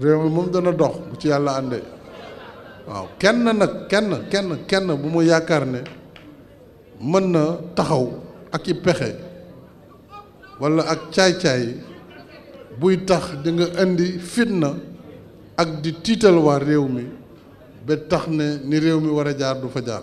réew mi moom dana dox bu ci yàlla àndee waaw kenn nag kenn kenn kenn bu mu yaakaar ne mën na taxaw ak i pexe walla ak caay-caay buy tax di nga indi fitna ak di tiital waa réew mi ba tax ne ni réew mi war a jaar du fa jaar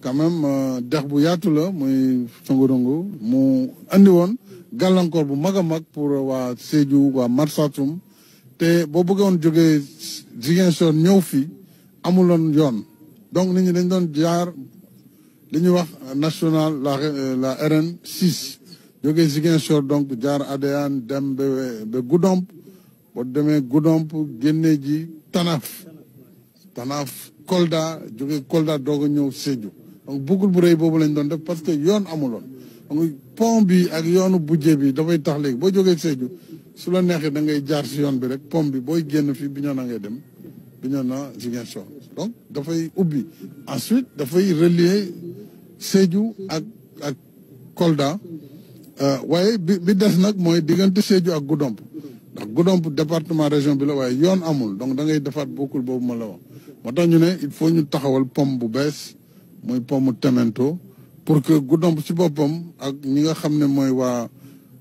quand même euh, dex bu yaatu la muy Songorongo mu indi woon gàllankoor bu mag a mag pour euh, waa Sédhiou waa Marsassoum te boo bëggoon jógee Ziguinchor ñëw fii amuloon yoon donc nit ñi dañ doon jaar li ñuy wax national la euh, la RN 6 jógee Ziguinchor donc jaar Adéane dem ba ba boo demee Goudomp génne ji Tanaf Tanaf Kolda jóge Kolda doog a ñëw Sédhiou donc boucle bu rëy boobu lañ doon def parce que yoon amuloon pom pont bi ak yoonu budget bi dafay tax léegi boo jógee Sédhiou su la neexee da ngay jaar si yoon bi rek pont bi booy génn fii Bignona ngay dem Bignona Ziguinchor donc dafay ubbi ensuite dafay relier Sédhiou ak ak Kolda euh, waaye bi bi des nag mooy diggante Sédhiou ak Goudomp ndax Goudomp département région bi la waaye yoon amul donc da ngay defaat bokkul boobu ma la wax moo tax ñu ne il faut ñu taxawal pont bu bees mooy pomme temento pour que gu Goudomp si boppam ak ñi nga xam ne mooy waa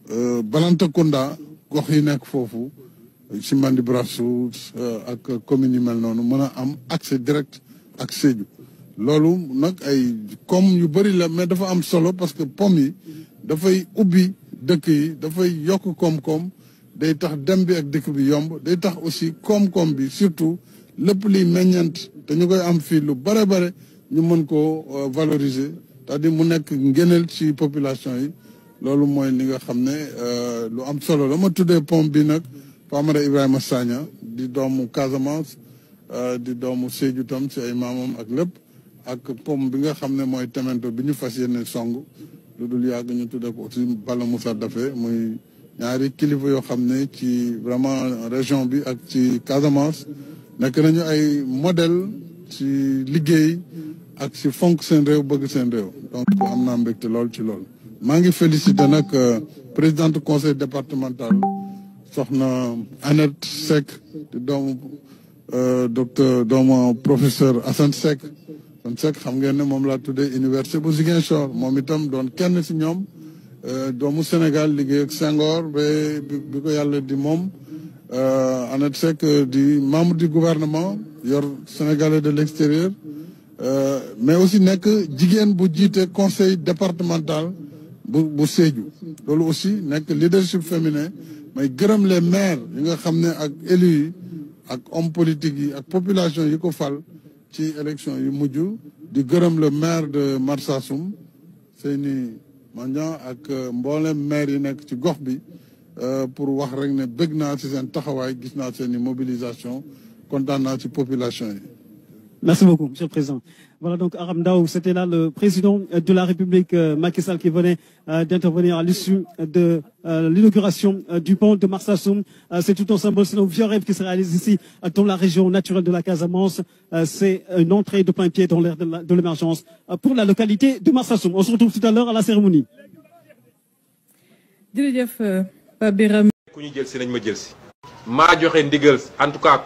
euh, Balantacounda gox yi nekk foofu si Mandibarassou euh, ak commune yu mel noonu mën a am accès direct ak Sédhiou loolu nag ay comme yu bëri la mais dafa am solo parce que pomme yi dafay ubbi dëkk yi dafay yokk koom-koom day tax dem bi ak dëkk bi yomb day tax aussi koom-koom bi surtout lépp liy meññeent dañu koy am fii lu bare bare ñu mën koo euh, valoriser cest à mu nekk ngëneel ci population yi loolu mooy li nga xam ne euh, lu am solo la ma tuddee pont bi nag Famara Ibrahima Sagna di doomu Casamance euh, di doomu Sédhiou tam ci ay maamam ak lépp ak pom bi nga xam ne mooy Temento bi ñu fas yéene song lu dul yàgg ñu tuddee ko aussi Bala Moussa Daffé muy ñaari kilifa yoo xam ne ci vraiment région bi ak ci Casamance nekk nañu ay model ci liggéey ak ci fonk seen réew bëgg seen réew donc am naa mbégte lool ci lool maa ngi félicité nag euh, présidente conseil départemental soxna Annette Seck di doomu euh, docteur doomu professeur Assane Seck Assane Seck xam ngeen ne moom laa tuddee université bu Ziguinchor moom itam doon kenn si ñoom euh, doomu Sénégal liggéey ak Senghor ba bi ko yàlla di moom Annette Seck di membre du gouvernement yor sénégalais de l'extérieur euh, mais aussi nek jigéen bu jité conseil départemental bu bu Sédhiou loolu aussi nek leadership féminin may gërëm les maires yi nga xamné ak élus yi ak hommes politiques, yi ak population yi ko fal ci élection yi muju di gërëm le maire de Marsassoum Seyni Mandiang ak euh, mbolé maire yi nek ci gox bi euh, pour wax rek né bëgg naa ci sen taxaway gis mobilisation contre naa ci population yi Merci beaucoup, Monsieur le Président. Voilà donc Aram Daou, c'était là le président euh, de la République euh, Macky Sall qui venait euh, d'intervenir à l'issue de l'inauguration du pont de Marsassoum. C'est tout un symbole, c'est un vieux rêve qui se réalise ici dans la région naturelle de la Casamance. C'est une entrée de plein pied dans l'ère de l'émergence pour la localité de Marsassoum. On se retrouve tout à l'heure à la cérémonie. en tout cas,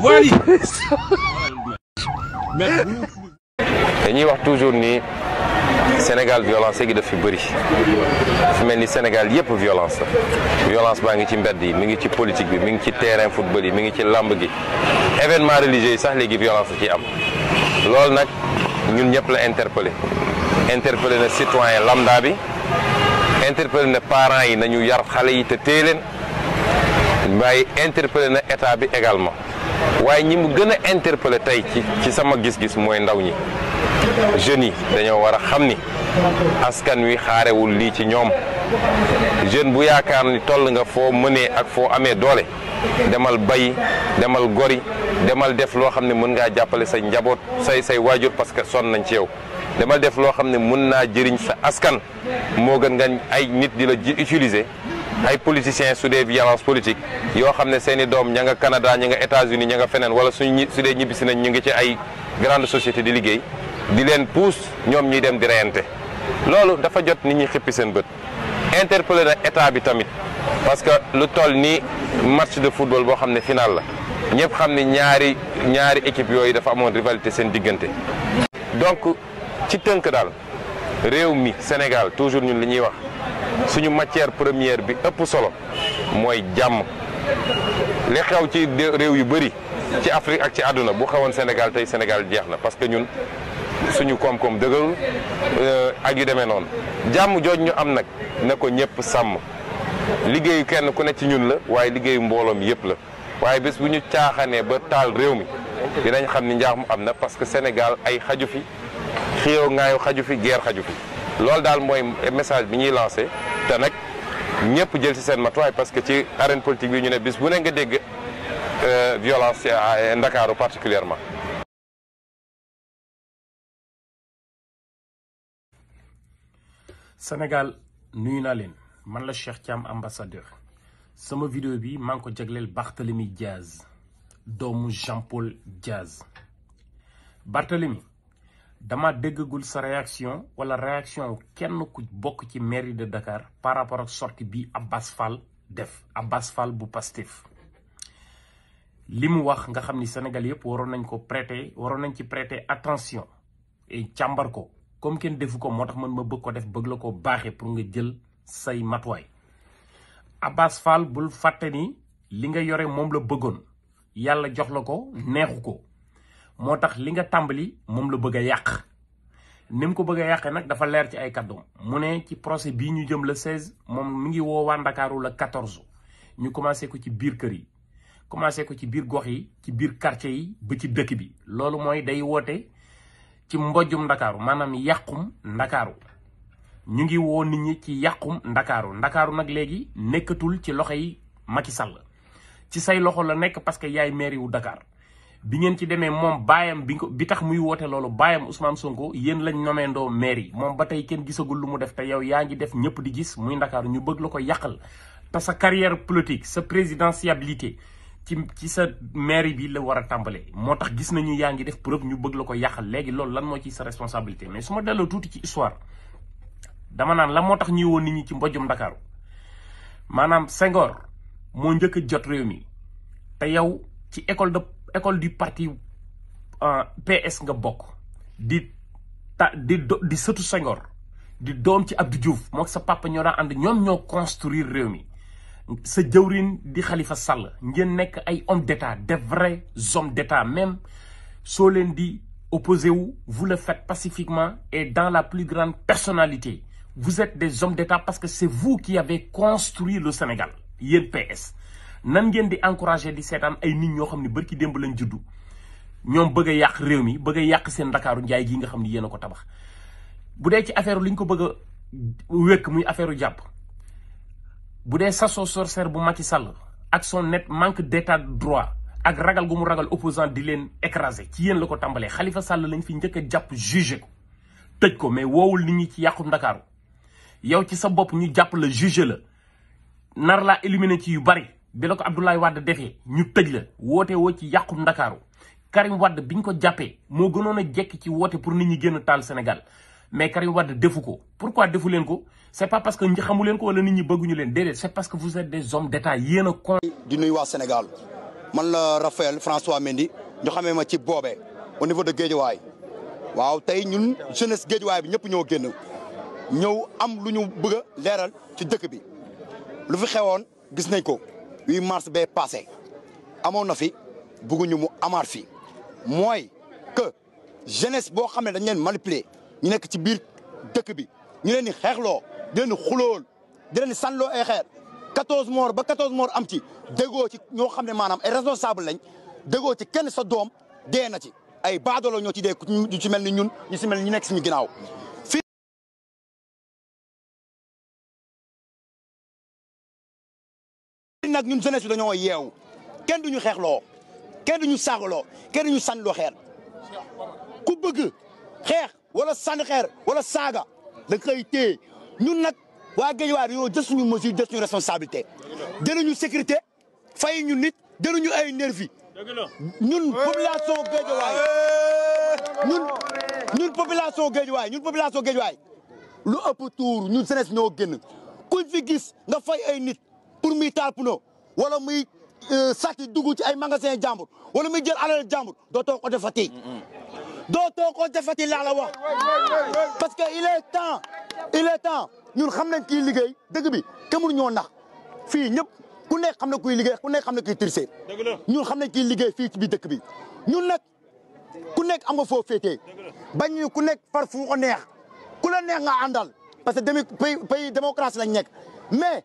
wali dañuy wax toujours ni Sénégal violence gi daf fi bëri fi mel ni Sénégal yépp violence violence baa ngi ci mbedd yi mi ngi ci politique bi mi ngi ci terrain football yi mi ngi ci lamb gi événement religieux sax léegi violence la ciy am Lool nak ñun ñëpp la interpellé interpellé na citoyen lambda bi interpellé na parents yi nañu yar xalé yi te téye leen interpeller interpellé na état bi également waaye ñi mu gën a interpellé tey ci ci sama gis-gis mooy ndaw ñi jeunes yi dañoo war a xam ni askan wi xaarewul lii ci ñoom jeune bu yaakaar ni toll nga foo mënee ak foo amee doole demal bay demal gori demal def loo xam ne mën ngaa jàppale say njaboot say say waajur parce que sonn nañ ci yow demal def loo xam ne mën naa jëriñ sa askan moo gën nga ay nit di la utilise ay politiciens su dee violence politique yoo xam ne seen i doom ña nga Canada ña nga États-Unis ña nga feneen wala suñ ñi su dee ñibbisi nañ ñu ngi ci ay grande société di liggéey di leen puus ñoom ñuy dem di reyante loolu dafa jot nit ñi xippi seen bët interpellé na état bi tamit parce que lu toll ni match de football boo xam ne final la ñëpp xam ne ñaari ñaari équipe yooyu dafa amoon rivalité seen diggante donc ci tënk daal réew mi Sénégal toujours ñun li ñuy wax suñu matière première bi ëpp solo mooy jàmm li xew ci réew yu bëri ci Afrique ak ci àdduna bu xewoon Sénégal tey Sénégal jeex na parce que ñun suñu koom-koom dëgërul euh, ak yu demee noonu jàmm jooj ñu am nag na ko ñëpp sàmm liggéeyu kenn ku ne ci ñun la waaye liggéeyu mbooloom yëpp la waaye bis bu ñu caaxanee ba taal réew mi dinañ xam ni njaax mu am na parce que Sénégal ay xaju fi xiyoo ngaayu xaju fi guerre xaju fi loolu daal mooy message bi ñuy lancé te nag ñëpp jël ci seen matuwaay parce que ci arène politique bi ñu ne bis bu ne nga dégg euh, violence à Dakar particulièrement Sénégal nuyu naa leen man la Cheikh Thiam ambassadeur sama vidéo bi maa ngi ko jagleel Barthélemy Diaz doomu Jean Paul Diaz Barthélémy dama déggagul sa réaction wala réaction kenn ku bok ci mairie de Dakar par rapport ak sortie bi Abbas Fall def Abbas Fall bu pastif limu wax nga xamni ni Sénégal yëpp waroon nañ ko prêter waroon nañ ci prêter attention et càmbar ko comme ken defuko motax man ma bëgg ko def bëgg la ko baxé pour nga jël say matway Abbas Fall bul faté ni li nga yore mom la bëggoon yalla jox la ko neexu ko moo tax li nga tàmbali moom la bëgg a yàq ni mu ko bëgg a yàqee nag dafa leer ci ay kàddoom mu ne ci procès bii ñu jëm la 16 moom mu ngi woowaa Ndakaaru la 14 ñu commencé ko ci biir kër yi commencé ko ci biir gox yi ci biir karce yi ba ci dëkk bi loolu mooy day woote ci mbojum Ndakaaru maanaam yàqum Ndakaaru ñu ngi woo nit ñi ci yàqum Ndakaaru Ndakaaru nag léegi nekkatul ci loxo yi Macky Sall ci say loxo la nekk parce que yaay mairie wu Dakar bi ngeen ci démé mom bayam bi ko bi tax muy woté lolu bayam Ousmane Sonko yeen lañ ndo maire mom batay kenn gisagul lu mu def té yow yaangi def ñëpp di gis muy ndakaaru ñu bëgg la ko yàqal te sa carrière politique sa présidentialité ci ci sa maire bi la wara tambalé motax gis nañu yaangi def preuve ñu bëgg la ko yàqal léegi lan mo ci sa responsabilité mais suma ma tout ci histoire dama nan la motax ñi won nit ñi ci mbojum manam Senghor mo ñëk jot réew mi té yow ci école de école du parti euh, PS nga dit, di ta di di tout Senghor di dom ci Abdou Diouf mok sa papa ñora and ñom construire réew mi sa jëwrin di Khalifa Sall ngeen nek ay hommes d'état des vrais hommes d'état même soo lundi opposé où vous le faites pacifiquement et dans la plus grande personnalité vous êtes des hommes d'état parce que c'est vous qui avez construit le Sénégal le PS nan ngeen di encourager di sétane ay nit ñoo xamni ne barki démb lañ juddu ñom bëgg yaq réew mi bëgg yaq seen dakaru njaay gi nga xamni ne ko tabax bu dé ci affaire liñ ko bëgg wék muy affaireu japp bu dé sasso sorcière bu Macky Sall ak son net manque d'état droit ak ragal gumu ragal opposant di len écraser ci yeen lako tambalé Khalifa Sall lañ fi njëkk japp juger ko tejj ko mais wowul nit ñi ci yàqu dakaru yow ci sa bop ñu japp la juger la nar la éliminer ci yu bari bi Abdoulaye Wade defee ñu tëj la woté wo ci yàqu ndakaaru Karim wad biñ ko jappé mo gënoon a jekk ci woté pour nit ñi génn tal Sénégal mais Karim wad defu ko pourquoi defu ko c'est pas parce que ñi xamulen ko wala nit ñi ñu len dédé c'est parce que vous êtes des hommes d'état yéna a kon di nuy wa Sénégal man la Raphaël François Mendy ñu xamé ma ci bobé au niveau de Guédiawaye waaw tay ñun jeunesse Guédiawaye bi ñëpp ñoo génn ñëw am luñu bëgg ci dëkk bi lu fi xewon gis nañ ko 8 mars be passé amoon na fi bëgguñu mu amaat fi mooy que jeunesse boo xam ne dañ leen manipuler ñu nekk ci biir dëkk bi ñu leen di xeexloo di leen di xulool di leen di sànloo ay xeer 14 morts ba 14 morts am ci déggoo ci ñoo xam ne maanaam ay responsable lañ déggoo ci kenn sa doom dee na ci ay baadoolo ñoo ci dee ñu ci mel ni ñun ñu si mel ni ñu nekk suñu ginnaaw nak ñun jeunesse bi dañoo yeewu kenn duñu xexlo kenn duñu saagaloo kenn duñu sànniloo xer ku bëgg xex wala sànni xer wala saga da kay té ñun nag waa Guédiawaye dañoo jëss ñu mesure jëss ñu responsabilité ñu sécurité fay ñu nit ñu ay nervi ñun population Guédiawaye ñun ñun population Guédiawaye ñun population Guédiawaye lu ëpp tour ñun jeunesse ñoo gën ku fi gis nga fay ay nit pour muy taal puno wala muy euh, sàcc dugg ci ay magasin jàmbur wala muy jël alal jàmbur doo toog oto Fatick doo toog oto Fatick laa la wax parce que il est temps il est ñun xam nañ kii liggéey dëkk bi kemul ñoo nax fii ñëpp ku nekk xam ne kuy liggéey ku nekk xam na kuy tricher ñun xam ne kii liggéey fii ci biir dëkk bi ñun nag ku nekk am nga foo féetee bañ ñu ku nekk far fu ko neex ku la neex nga àndal parce que demi pays démocratie lañ nekk mais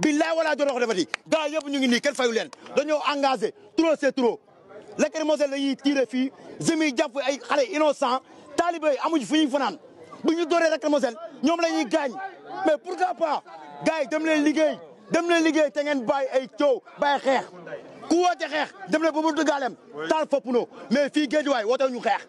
billaay wala doon wax defati gars yëpp ñu ngi ni kel fayu len dañu engagé trop c'est trop lacrymogène la ñuy tiré fi jëmi jàpp ay xalé innocent taalibe yi amuñ fu ñuy fanaan bu ñu dooree lacrymogène ñoom la mais pourquoi pas gars yi dem leen liggéey dem leen liggéey té ngeen bay ay ciow bay xex ku woote xeex dem leen ba mu dugaalem taal fopp mais fi géej way woote ñu xex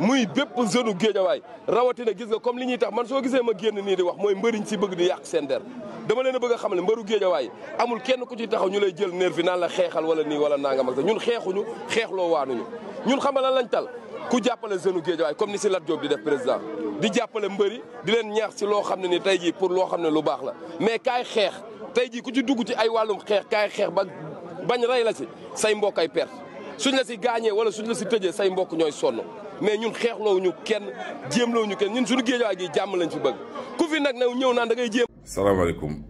muy bépp jeune géejawaay rawatina gis nga comme li ñuy tax man soo gisee ma génn nii di wax mooy mbëriñ si bëgg di yàq seen der dama leen a bëgg a xam ne mbëru géejawaay amul kenn ku ci taxaw ñu lay jël nerf yi naan la xeexal wala nii wala nangam ak ñun xeexuñu xeexloo waanuñu ñun xam lan lañ tal ku jàppale jeune géejawaay comme ni si Lat Diop di def président di jàppale mbëri di leen ñaax si loo xam ne nii tey jii pour loo xam ne lu baax la mais kaay xeex tey jii ci dugg ci ay wàllum xeex kaay xeex ba bañ rey la si say mbokk ay suñ la si gaañee wala suñ la si tëjee say mbokk ñooy sonn mais ñun ñu kenn ñu kenn ñun suñu géejawaay gi jàmm lañ fi bëgg ku fi nag new ñëw naan da ngay jéem. salaamaaleykum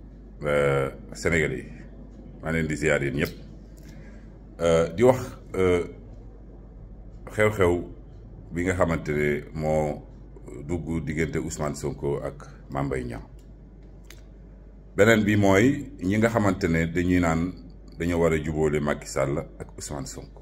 euh, Sénégal yi maa leen di ziar euh, di wax euh, xew-xew bi nga xamante ne moo dugg diggante Ousmane Sonko ak Mame Mbaye Niang beneen bi mooy ñi nga xamante ne dañuy naan dañoo war a jubóole Macky Sall ak Ousmane Sonko.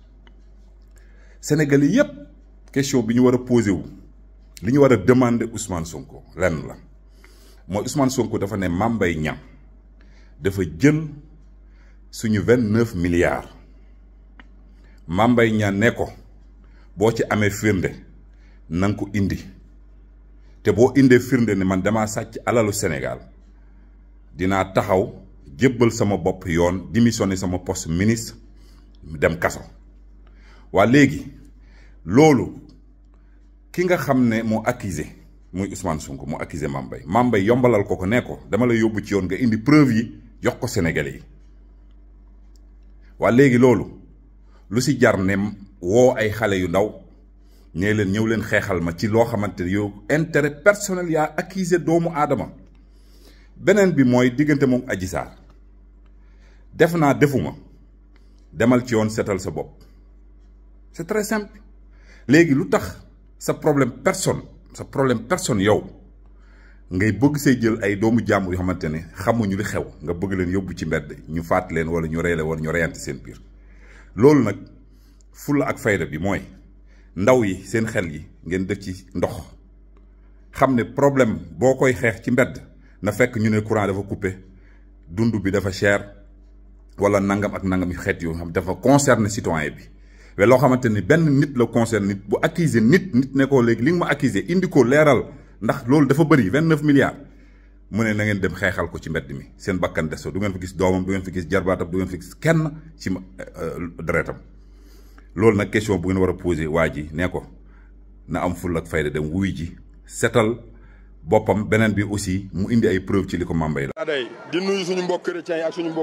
Sénégalais yépp question bi ñu war a posé wu li ñu war a demander Ousmane Sonko lenn la mooy usman Sonko dafa ne màmbay Mbaye dafa jël suñu vingt neuf milliards Mame Mbaye ne ko boo ci amee firnde na ko indi te boo indee firnde ni man damaa sàcc alalu Sénégal dinaa taxaw jébbal sama bopp yoon démissionné sama poste ministre dem kaso waa léegi loolu ki nga xam ne moo accusé muy Ousmane Sonko mu accusé Mame Mbaye Mame Mbaye yombalal ko ko ne ko dama la yóbbu ci yoon nga indi preuve yi jox ko Sénégalais yi waa léegi loolu lu si jar ne woo ay xale yu ndaw nee leen ñëw leen xeexal ma ci loo xamante ne yow intérêt personnel yaa accusé doomu aadama beneen bi mooy diggante moom Adji Sarr def naa defuma demal ci yoon seetal sa bopp c'est très simple léegi lu tax sa problème personne sa problème personne yow ngay bëgg say jël ay doomu jàmbur yoo xamante ne xamuñu li xew nga bëgg leen yóbbu ci mbedd ñu faat leen wala ñu rey leen wala ñu reyante seen biir loolu nag fulla ak fayda bi mooy ndaw yi seen xel yi ngeen def ci ndox xam ne problème boo koy xeex ci mbedd na fekk ñu ne courant dafa coupé dund bi dafa cher wala nangam ak nangam yu xeet yoo xam dafa concerné citoyen bi mais loo xamante ni nit la concerne nit bu accuser nit nit ne ko li nga accuser indi ndax dafa vingt milliards na ngeen dem xexal ko ci mbedd mi bakkan des du ngeen gis du ngeen gis du ngeen gis kenn ci euh, euh, deretam question bu ngeen wara poser waji ne na am ful aussi mu indi ay preuve ci la. di nuyu suñu mbokk ak suñu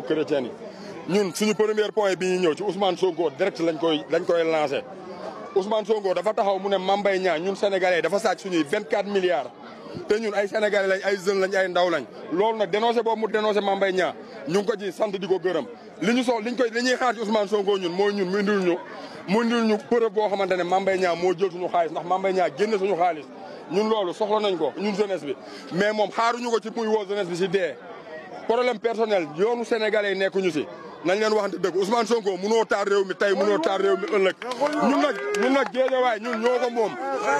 ñun suñu premier point bi ñu ñëw ci Ousmane Sonko direct lañ koy lañ koy lancé Ousmane Sonko dafa taxaw mu ne Mame Mbaye Niang ñun sénégalais dafa sàcc suñuy vingt quatre milliards. te ñun ay sénégalais lañ ay jeunes lañ ay ndaw lañ loolu nag dénoncé boobu mu dénoncé Mame Mbaye ñaa ñu ngi ko ci sant di ko gërëm li ñu soxla li ñu koy li ñuy xaar ci Ousmane Sonko ñun mooy ñun mu indil ñu mu indil ñu preuve boo xamante ne Mame Mbaye Niang moo jël suñu xaalis ndax Mame Mbaye Niang génn suñu xaalis ñun loolu soxla ko ñun jeunesse bi mais moom xaaruñu ko ci muy woo jeunesse bi si dee problème personnel yoonu sénégalais yi nekkuñu si nañ leen waxante dëgg Ousmane Sonko munoo taal réew mi tey mun taal réew mi ëllëg ñun nag ñun nag géejawaay ñun ñoo ko moom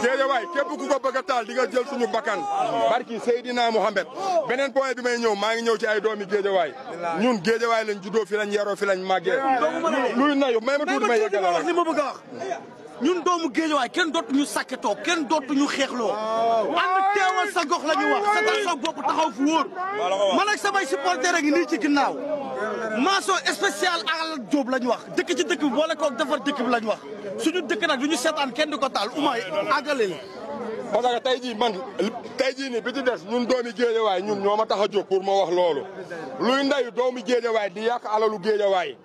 géejawaay képp ku ko bëgg a taal di nga jël suñu bakkan barki Seydina Mohamed beneen point bi may ñëw maa ngi ñëw ci ay doomi géejawaay ñun géejawaay lañ juddoo fi lañ yaroo fi lañ màggee luy nayu may ma tuuti may yàggala wax li ma bëgg ñun doomu géejawaay kenn dootuñu ñu sàkkatoo kenn dootu ñu xeexloo ànd sa gox la ñu wax sa tax sa bopp taxaw fu wóor man ak samay supporter a ngi nii ci mention spéciale Alal Diop lañ wax dëkk ci dëkk bi boole koog defar dëkk bi lañ wax ñu dëkk nag du ñu seetaan kenn du ko taal umay àggaleel. parce que tey jii man tey jii nii bi ci des ñun doomi géejawaay ñun ñoo ma tax a jóg pour ma wax loolu luy ndeyu doomi géejawaay di yàq alalu waay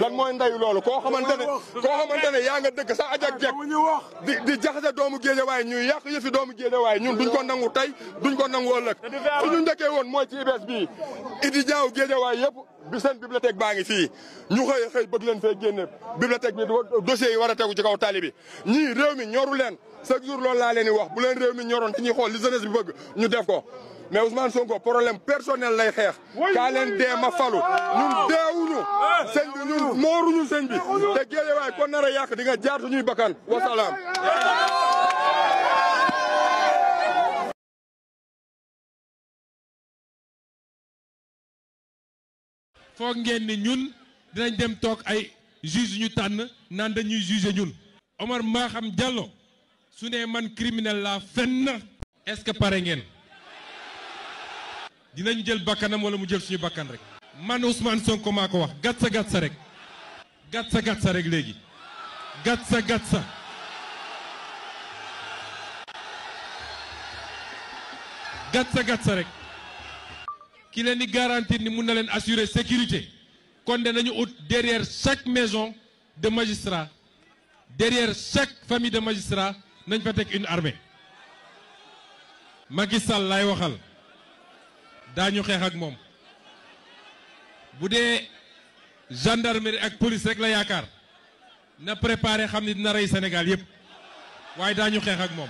lan mooy ndeyu loolu koo xamante ne koo xamante ne yaa nga dëkk sax ajak jek di di jaxase doomu géejawaay ñuy yàq yëfi doomu géejawaay ñun duñ ko nangu tey duñ ko nangu ëllëg suñu woon mooy ci IBES bii idi jaaw géejawaay yëpp bi seen bibliothèque baa ngi fii ñu xëy xëy bëgg leen fee génne bibliothèque bi dossiers yi war a tegu ci kaw tali bi ñii réew mi ñoru leen chaque jour loolu laa leen di wax bu leen réew mi ñoroon dañuy xool li jeunesse bi bëgg ñu def ko mais Ousmane ko problème personnel lay xeex kaa leen dee ma falu ñun deewuñu ah, sëñ bi ñun mooruñu sëñ bi te géejewaay kon nar a yàq di nga jaar suñuy bakkan wasalaam foog ngeen ni ñun dinañ dem toog ay juge ñu tànn naan dañuy juger ñun. Omar Maham Diallo su ne man criminel laa fenn. est-ce que pare ngeen. dinañ jël bakkanam wala mu jël suñu bakkan rek. man Ousmane Sonko maa ko wax gàtt sa gàtt sa rek. gàtt sa gàtt sa rek léegi. gàtt sa gàtt sa. gàtt sa gàtt sa rek. ki leen di garantir ni mun la sécurité kon nous sommes derrière chaque maison de magistrat derrière chaque famille de magistrat nous fa teg une armée Macky Sall laay waxal daañu xeex ak moom bu dee gendarmerie ak police rek la yaakaar na préparé xam ni dina rey Sénégal yépp waaye Nous sommes ak moom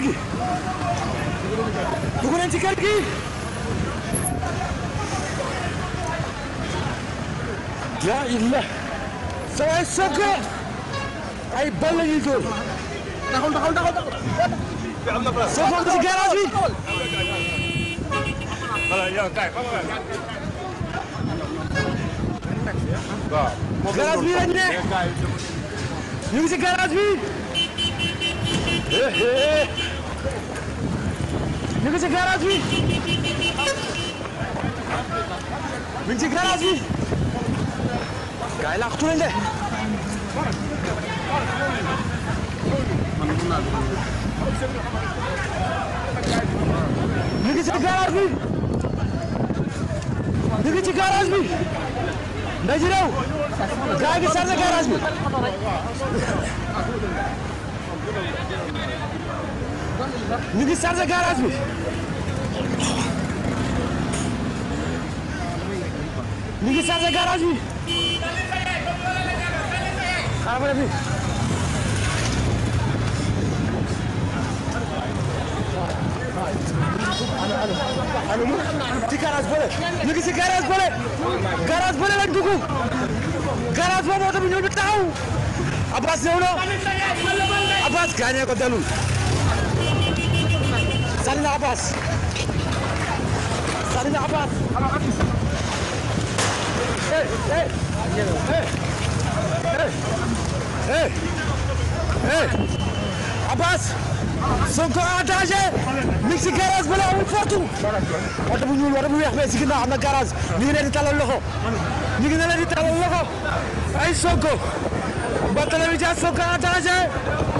kër gi dugg nañ ci kër gi yaa illah sa waay Sonko ay bal la ñuy dóor taxaw taxaw taxaw Sonko ngi ci garage bi garage bi lañ ne ñu ngi ci garage bi eh, eh, eh. ngi ci garage ngi ci garage bi gars ngi ci garage bi mi ngi ci garage bi nda bi Nini sarza garaj mi? Nini sarza garaj mi? Kara bana bir. ci garage a ñu ngi ci garage bële garage bële lañ dugg caras boobu oto bi ñëw ñu taxaw Abbas ñëw na Abbas Salim Abbas Salim Abbas Hey hey hey Hey Hey Abbas Sonko en danger mi ngi si garage bu la amul footu oto bu ñuul oto bu weex bee si ginnaaw am na garage ñu ngi leen di talal loxo ñu ngi leen di talal loxo ay Sonko Barthélémy Dias Sonko en danger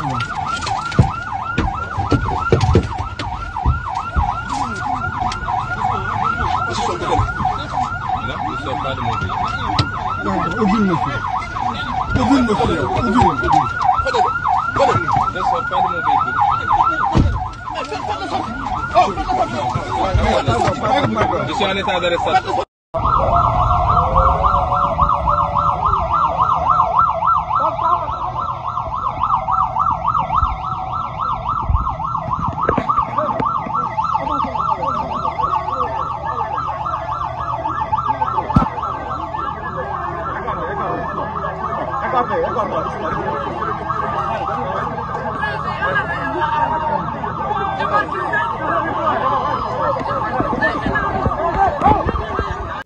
Pogoun mwen fye, pogoun mwen fye, pogoun mwen fye. Kode lè, kode lè. Dè so, fèd mwen fè kou. Fèd lè, fèd lè, fèd lè. Dè so, fèd mwen fye. Dè so, anè tè adè lè satè.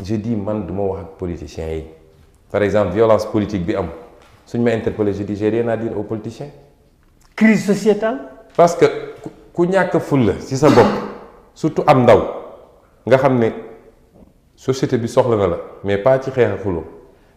je dis man je ma wax politiciens par exemple violence politique bi am je ma que je n'ai rien à dire aux politiciens. crise sociétale. parce que ku ñàkk fulla ci sa bopp surtout am ndaw nga que société bi soxla na mais pas ci xeex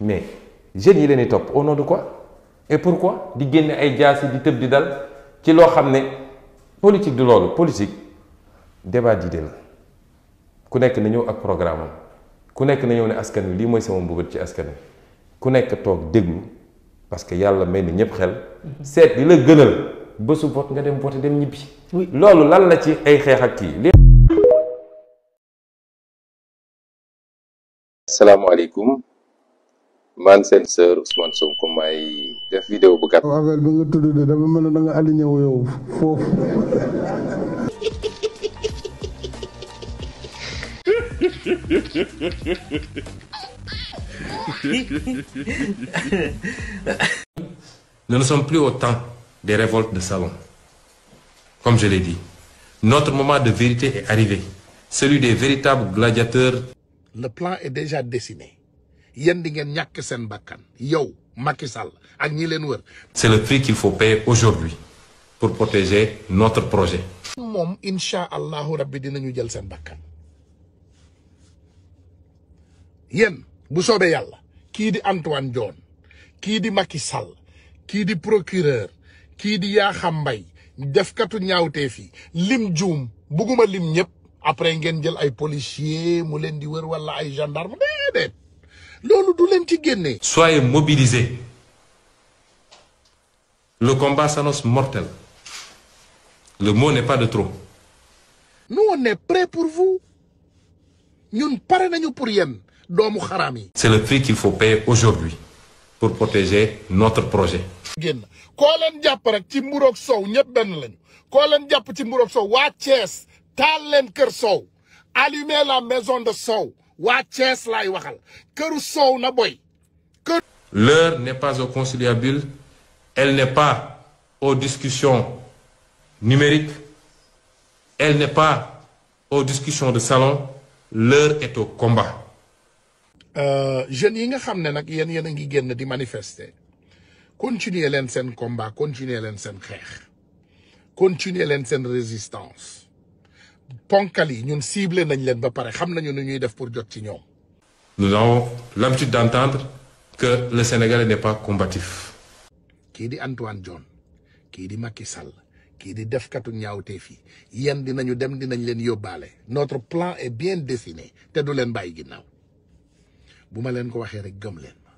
mais jeunes yi leen di topp au ko de quoi et di génne ay jaasi di tëb di dal ci loo xam ne politique du loolu politique débat d'idée la ku nekk na ñëw ak programme ku nekk na ñëw ne askan wi lii mooy sama mbëbët ci askan wi ku nekk toog déglu parce que yàlla may na ñépp xel seet li la gënal bésu vote nga dem vote dem ñibbi. loolu lan la ci ay xeex ak kii. salaamaaleykum. man Ousmane Nous ne sommes plus au temps des révoltes de salon. Comme je l'ai dit, notre moment de vérité est arrivé, celui des véritables gladiateurs. Le plan est déjà dessiné yéen di seen bakkan yow Macky Sall ak ñi leen wër. c'est le prix qu'il faut payer aujourd'hui pour protéger notre projet. moom incha allahu rabbi dinañu jël seen bakkan yéen bu soobee yàlla kii di Antoine Diome kii di Macky Sall kii di procureur kii di Yaxa Mbaye defkatu ñaawtee fii lim juum buguma lim ñëpp après ngeen jël ay policier mu leen di wër wala ay gendarme déedéet soyez mobilisés le combat s'annonce mortel le mot n'est pas de trop. nous on est prêts pour vous Nous ne pare pas pour rien c'est le prix qu'il faut payer aujourd'hui pour protéger notre projet. Allumez la maison de soow l'heure n'est pas au conciliabule elle n'est pas aux discussions numériques elle n'est pas aux discussions de salon l'heure est au combat. Euh, Je yi nga pas ne nag yéen ngi di manifester Continuez leen combat continuez le guerre, continuez continuer résistance. ponkal yi ñun cible nañ leen ba pare xam nañu nu ñuy def pour jot ci ñoom. nous avons l'habitude d'entendre que le Sénégalais n'est pas combatif. kii di Antoine John kii di Macky Sall kii di defkatu ñaawteef yi yéen dinañu dem dinañ leen yóbbaale notre plan est bien dessiné te du leen bàyyi ginnaaw bu ma leen ko waxee rek gëm leen ma.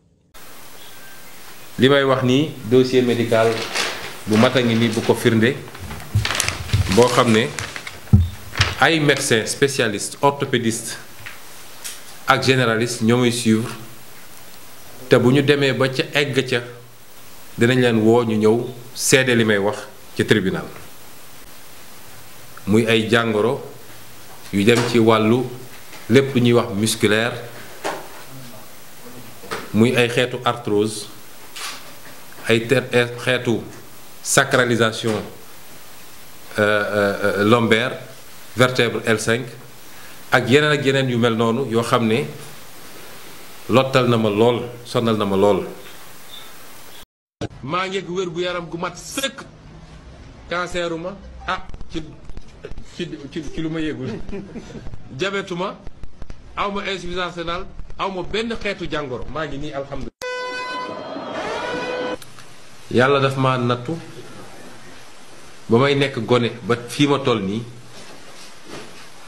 li may wax nii dossier médical bu mat a ngi nii bu ko firnde boo xam ne. Les médecins spécialistes orthopédistes ak généralistes nous suivre te nous ba que dinañ nous ce wax tribunal muy ay yu dem ci walu lépp ñuy wax musculaire muy ay xeetu arthrose ay sacralisation euh, euh, euh, lombaire vertèbre L5 ak yeneen ak yeneen yu mel noonu yoo xam ne lottal na ma lool sonal na ma lool. maa ngi ak wér gu yaram gu mat sëkk canceru ah ci lu ma yëgul jabetu ma aw ma insuffisance aw ma benn xeetu jàngoro maa ngi nii alhamdulilah. yàlla daf ma nattu ba may nekk gone ba fii ma toll nii.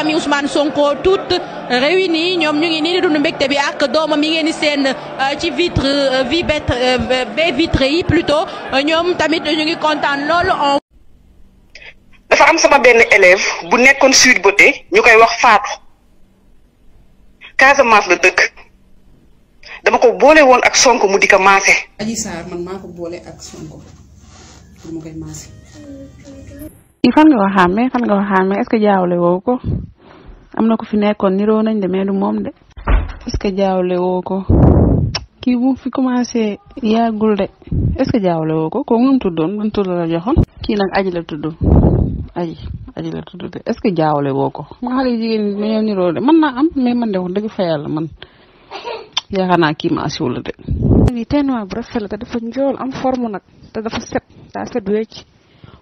famille Ousmane Sonko toutes réunies ñom ñu ngi ni di dund bi ak doom mi euh, ci vitre euh, vi euh, vitre plutôt ñom tamit ñu ngi loolu dafa am sama ben élève bu nekkon Beauté ñukay wax Fatou Casamance le dama ko bolé won ak Sonko mu man ifan nga xamé fan nga xamé est ce que jaawle woo ko ko fi nekkoon niroo nañ de mais du mom de est ce que jaawle woo ko kii bu fi commencé gul de est ce jaawle ko ngum tudon ngum tudon la joxon ki nak aji la tuddu aji aji la tuddu de est ce que jaawle woo ma xale jigéen ñi dañoo niroo de Man, na am mais man de wax dëgg fa yalla man ya xana ki ma ci la de. ni tenwa bu rafet la dafa njool am forme nak da dafa set da set wecc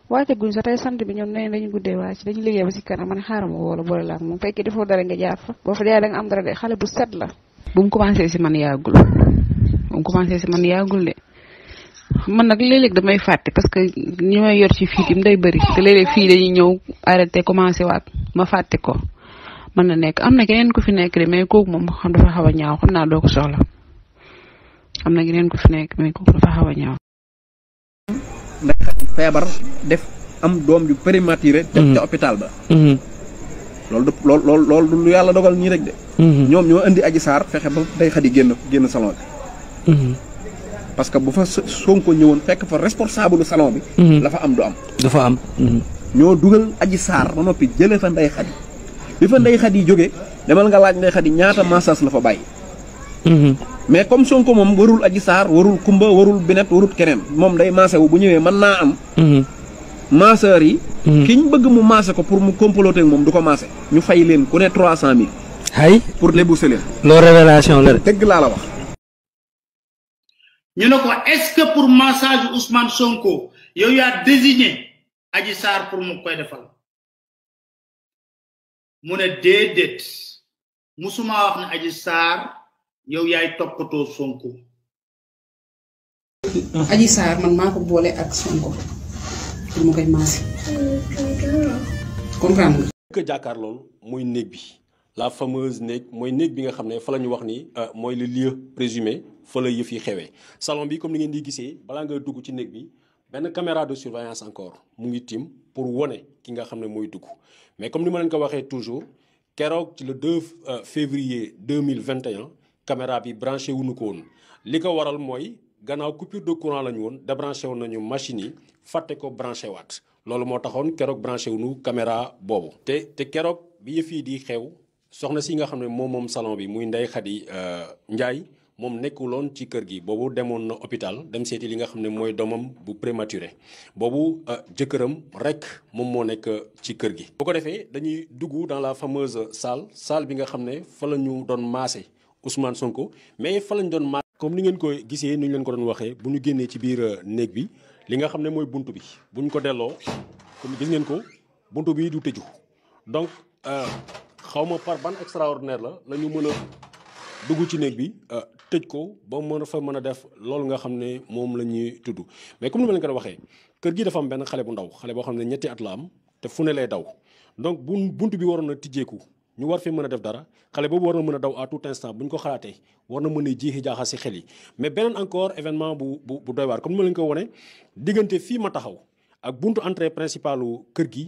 wacce guñ sa tay sante bi ñoom neen dañu guddé wacc dañu liggé ba ci kanam man xaram wala boole la mu fekké defo dara nga jaar fa boo fa jaar nga am dara dé xalé bu set la bu ya mu ya commencé ya ci man yaagul bu mu commencé ci man yaagul dé man nak léeg damay faté parce que ñi may yor ci fi tim day bari té léeg fi dañuy ñëw arrêté commencé waat ma faté ko man na nek amna na keneen ku fi nek de mais kook mom xam dafa xawa ñaaw xam na do ko soxla amna na keneen ku fi nek mais kook dafa xawa ñaaw nekk feebar def am doom ju prématuré dem mhm. ca hôpital ba mhm. loolu du lool lool loolu lu yàlla dogal nii rek de mhm. ñoom ñoo indi aji saar fexe ba day xadi génn génn salon bi parce que bu fa sonko ñëwoon fekk fa responsable salon bi la fa am du am du fa am ñoo dugal aji saar ba noppi jële fa nday xadi bi fa nday xadi jóge demal nga laaj nday xadi ñaata massage la fa bàyyi Mm-hmm. mais comme Sonko moom warul Adji Sarr warul Kumba warul Binet warul keneen moom day maase wu bu ñëwee man naa am. Mm-hmm. maaseur yi. Mm-hmm. ki bëgg mu maase ko pour mu comploter moom du ko maase. ñu fay leen ku ne trois ay pour de. dëgg laa la wax. ñu ne ko est-ce pour massage Ousmane Sonko yow yaa désigné Adji Sarr pour mu koy defal mu ne déedéet musuma wax ne Adji Sarr. yow yaay toppatoo Sonko. aji Sarr man maa ko boole ak Sonko pour mu koy maase. comprendre nga. ko jàkkaarlool mooy néeg bi la fameuse néeg mooy néeg bi nga xam ne fa la ñu wax ni euh, mooy le lieu présumé fa la yëf yi xewee salon bi comme ni ngeen di gisee balaa nga dugg ci néeg bi benn caméra de surveillance encore mu ngi tim pour wone ki nga xam ne mooy dugg mais comme ni ma leen ko waxee toujours keroog ci le 2 euh, février 2021 caméra bi branché wuñu ko woon li waral moy gannaaw coupure de courant la won débranché a nañu machine yi faté ko branché wat loolu mo taxone kérok branché wuñu caméra bobu té te kérok bi yëf di xew soxna si nga xamné ne mom salon bi muy khadi euh Ndiaye mom bobo ci kër gi na hôpital dem séti li nga xamné ne domam bu prématuré boobu euh, jëkkëram rek mom mo nek ci kër gi. bu ko défé dañuy dans la fameuse salle salle bi nga xamné fa Ousmane Sonko mais fa lañu doon ma comme ni ngeen ko gisee ni ñu leen ko doon waxee bu ñu génnee ci biir euh, néeg bi li nga xam ne mooy bunt bi bu ñu ko delloo comme gis ngeen ko bunt bi du tëju donc euh, xaw ma par ban extraordinaire la la ñu mën a dugg ci néeg bi euh, tëj ko ba mën a fa mën a def loolu nga xam ne moom la ñuy tudd mais comme ni ma leen ko waxee kër gi dafa am benn xale bu ndaw xale boo xam ne ñetti at la am te fu ne lay daw donc bu bunt bi waroon a tijjeeku ñu war fi mën a def dara xale boobu war na mën a daw à tout instant bu ko xalaatee war na mën a jiixi jaaxa si xel yi mais beneen encore événement bu bu bu doy waar comme ni ma leen ko wane diggante fii ma taxaw ak buntu entrée principalu kër gi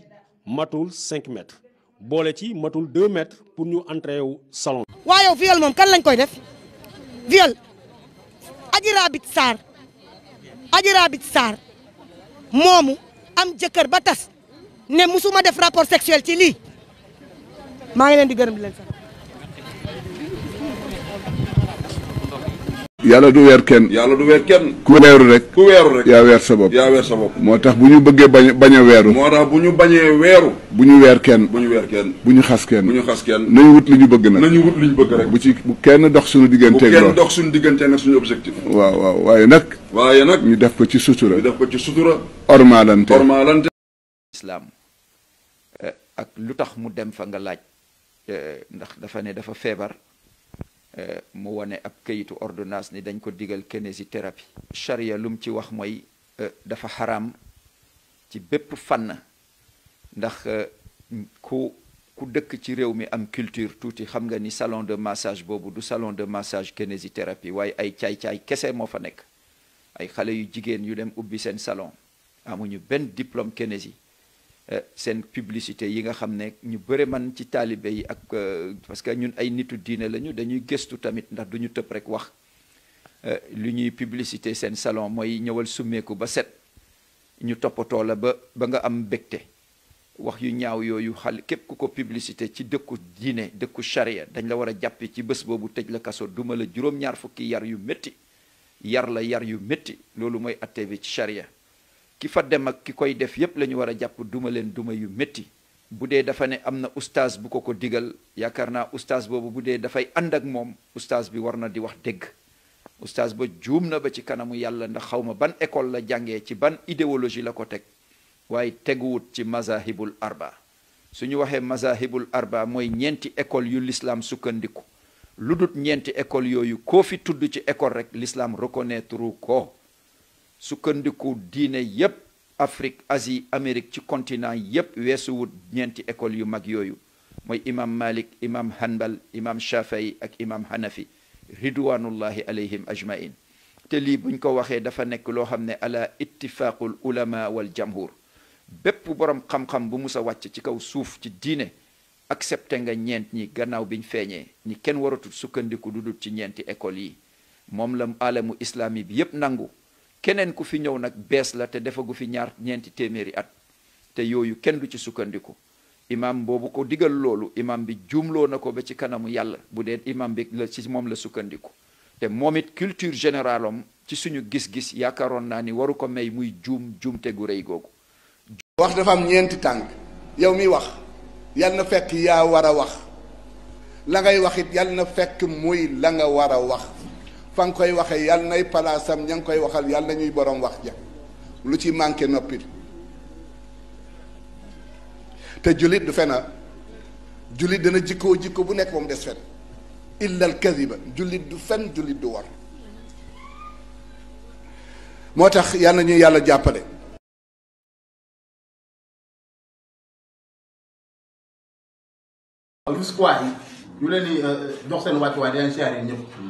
matul 5 mètres boole ci matul 2 mètres pour ñu entrée wu salon waaye yow viol moom kan lañ koy def viol Adji Raby Sarr Adji Raby Sarr moomu am jëkkër ba tas ne musuma def rapport sexuel ci li maa ngi leen di gërëm di leen sant. yàlla du weer kenn. yàlla du weer kenn. ku weeru rek. ku weeru rek. yaa weer sa weer sa moo tax bu ñu bëggee bañ bañ weeru. moo tax bu ñu bañee weeru. bu ñu weer kenn. bu ñu weer kenn. bu ñu xas kenn. bu ñu xas kenn. nañu wut li ñu bëgg nag. nañu wut li ñu bëgg rek. bu ci bu kenn dox suñu digganteeg lool bu kenn dox suñu digganteeg suñu objectif. waaw waaw waaye nag. waaye nag ñu def ko ci sutura. ñu def ko ci sutura. ormaalante ormaalante. islam eh, ak lu tax mu dem fa nga laaj. Eh, ndax dafa ne dafa feebar eh, mu wane ab kayitu ordonnance ni dañ ko digal kinésithérapie charia lum ci wax mooy eh, dafa xaram ci bépp fànn ndax ku ku dëkk ci réew mi am culture tuuti xam nga ni salon de massage boobu du salon de massage kinésithérapie waaye ay caay-caay kese moo fa nekk ay xale yu jigéen yu dem ubbi seen salon amuñu benn diplôme kinési Euh, seen publicité yi nga xam ne ñu bëri man ci taalibe yi ak euh, parce que ñun ay nitu diine lañu dañuy gëstu tamit ndax duñu ñu tëb rek wax euh, lu ñuy publicité seen salon mooy ñëwal summeeku ba set ñu toppatoo la ba ba nga am mbégte wax yu ñaaw yooyu xal képp ku ko publicité ci dëkku diine dëkku charia dañ la war a jàppe ci bés boobu tëj la kaso duma la juróom-ñaar fukki yar yu métti yar la yar yu métti loolu mooy atté ci charia ki fa dem ak ki koy def yépp la ñu war a jàpp duma leen duma yu metti bu dee dafa ne am na ustaas bu ko ko digal yaakaar naa ustaas boobu bu dee dafay ànd ak moom ustaas bi war na di wax dégg ustaas ba juum na ba ci kanamu yàlla ndax xaw ma ban école la jàngee ci ban idéologie la ko teg waaye teguwut ci mazahibul arba su ñu waxee mazahibul arba mooy ñeenti école yu lislaam sukkandiku lu dut ñeenti école yooyu koo fi tudd ci école rek l'islam reconnaître ko sukkandiku diine yépp Afrique Asie Amérique ci continent yépp weesu ñeenti école yu mag yooyu mooy imam Malik imam Hanbal imam Shafii ak imam Hanafi ridwanullahi alayhim ajmain te lii buñ ko waxee dafa nekk loo xam ne ala ittifaqul ulama wal jamhur bépp borom xam-xam bu mus a ci kaw suuf ci diine accepté nga ñeent ñi gannaaw biñ feeñee ni kenn waratul sukkandiku dudut ci ñeenti école yi moom la alamu islami bi yépp nangu keneen ku fi ñëw nag bees la te defagu fi ñaar ñeenti téeméeri at te yooyu kenn du ci sukkandiku imaam boobu ko digal loolu imam bi juumloo na ko ba ci kanamu yàlla bu dee imam bi ci moom la sukkandiku te moom it culture générale am ci suñu gis-gis yaakaaroon naa ni waru ko may muy juum juumte gu rëy googu. wax dafa am ñeenti tànk yow mi wax yal na fekk yaa war a wax la ngay wax it yal na fekk muy la nga war a wax. fa koy waxee yàlla nay palaasam ña ngi koy waxal yàlla nañuy borom wax ja lu ci manqué noppi te jullit du fena jullit dana jikkoo jikko bu nekk moom des fen illa al jullit du fen jullit du war moo tax yàlla nañu yàlla jàppale euh, waaw